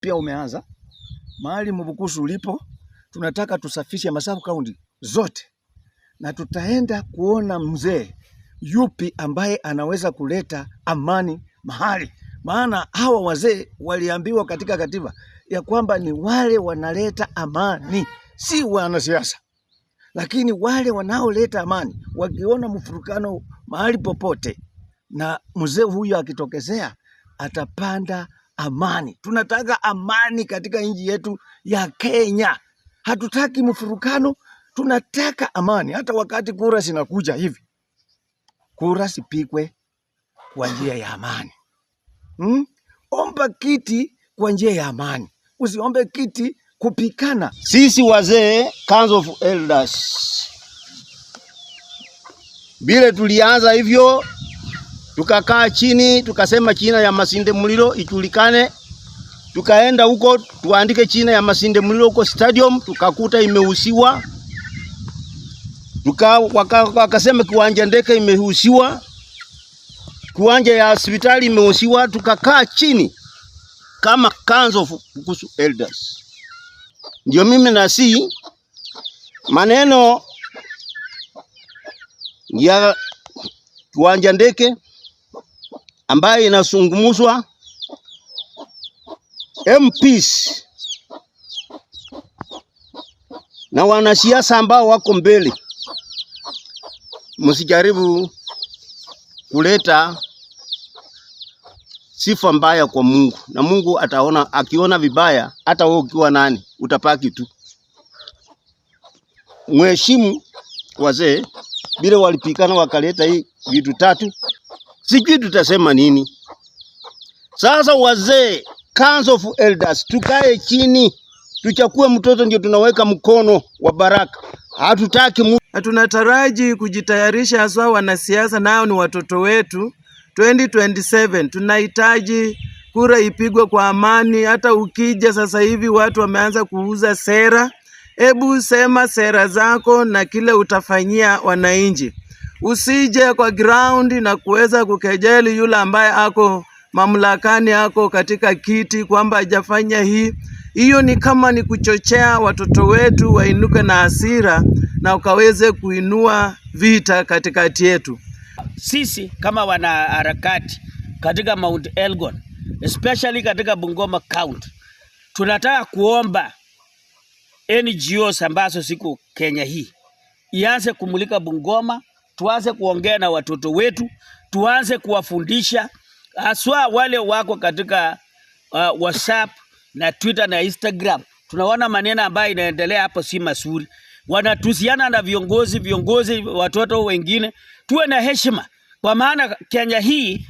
pia umeanza. Mahali Mbukusu ulipo, tunataka tusafishe Masafu kaunti zote, na tutaenda kuona mzee yupi ambaye anaweza kuleta amani mahali, maana hawa wazee waliambiwa katika katiba ya kwamba ni wale wanaleta amani, si wanasiasa. Lakini wale wanaoleta amani wakiona mfurukano mahali popote, na mzee huyu akitokezea atapanda amani. Tunataka amani katika nchi yetu ya Kenya. Hatutaki mfurukano, tunataka amani. Hata wakati kura zinakuja hivi, kura zipikwe kwa njia ya amani hmm? Omba kiti kwa njia ya amani, usiombe kiti kupikana. Sisi wazee Council of Elders, tulianza hivyo tukakaa chini tukasema china ya masinde muliro ijulikane. Tukaenda huko tuandike china ya masinde muliro huko stadium, tukakuta imehusiwa. Tuka waka, wakasema kiwanja ndeke imehusiwa, kiwanja ya hospitali imehusiwa. Tukakaa chini kama Council of Bukusu Elders, ndio mimi nasi maneno ya kiwanja ndeke ambayo inazungumzwa MPs na wanasiasa ambao wako mbele, msijaribu kuleta sifa mbaya kwa Mungu, na Mungu ataona, akiona vibaya, hata wewe ukiwa nani utapaki tu. Mheshimu wazee, bila walipikana wakaleta hii vitu tatu sijui tutasema nini sasa. Wazee, Council of Elders, tukae chini tuchakue mtoto, ndio tunaweka mkono wa baraka. Hatutaki, hatunataraji kujitayarisha, haswa wanasiasa nao ni watoto wetu. 2027 tunahitaji kura ipigwe kwa amani. Hata ukija sasa hivi watu wameanza kuuza sera. Hebu sema sera zako na kile utafanyia wananchi usije kwa ground na kuweza kukejeli yule ambaye ako mamlakani, ako katika kiti kwamba hajafanya hii. Hiyo ni kama ni kuchochea watoto wetu wainuke na hasira na ukaweze kuinua vita katikati yetu. Sisi kama wanaharakati katika Mount Elgon especially katika Bungoma County tunataka kuomba NGOs ambazo siku Kenya hii ianze kumulika Bungoma tuanze kuongea na watoto wetu, tuanze kuwafundisha haswa wale wako katika uh, WhatsApp na Twitter na Instagram. Tunaona maneno ambayo inaendelea hapo si mazuri, wanatusiana na viongozi viongozi, watoto wengine. Tuwe na heshima, kwa maana Kenya hii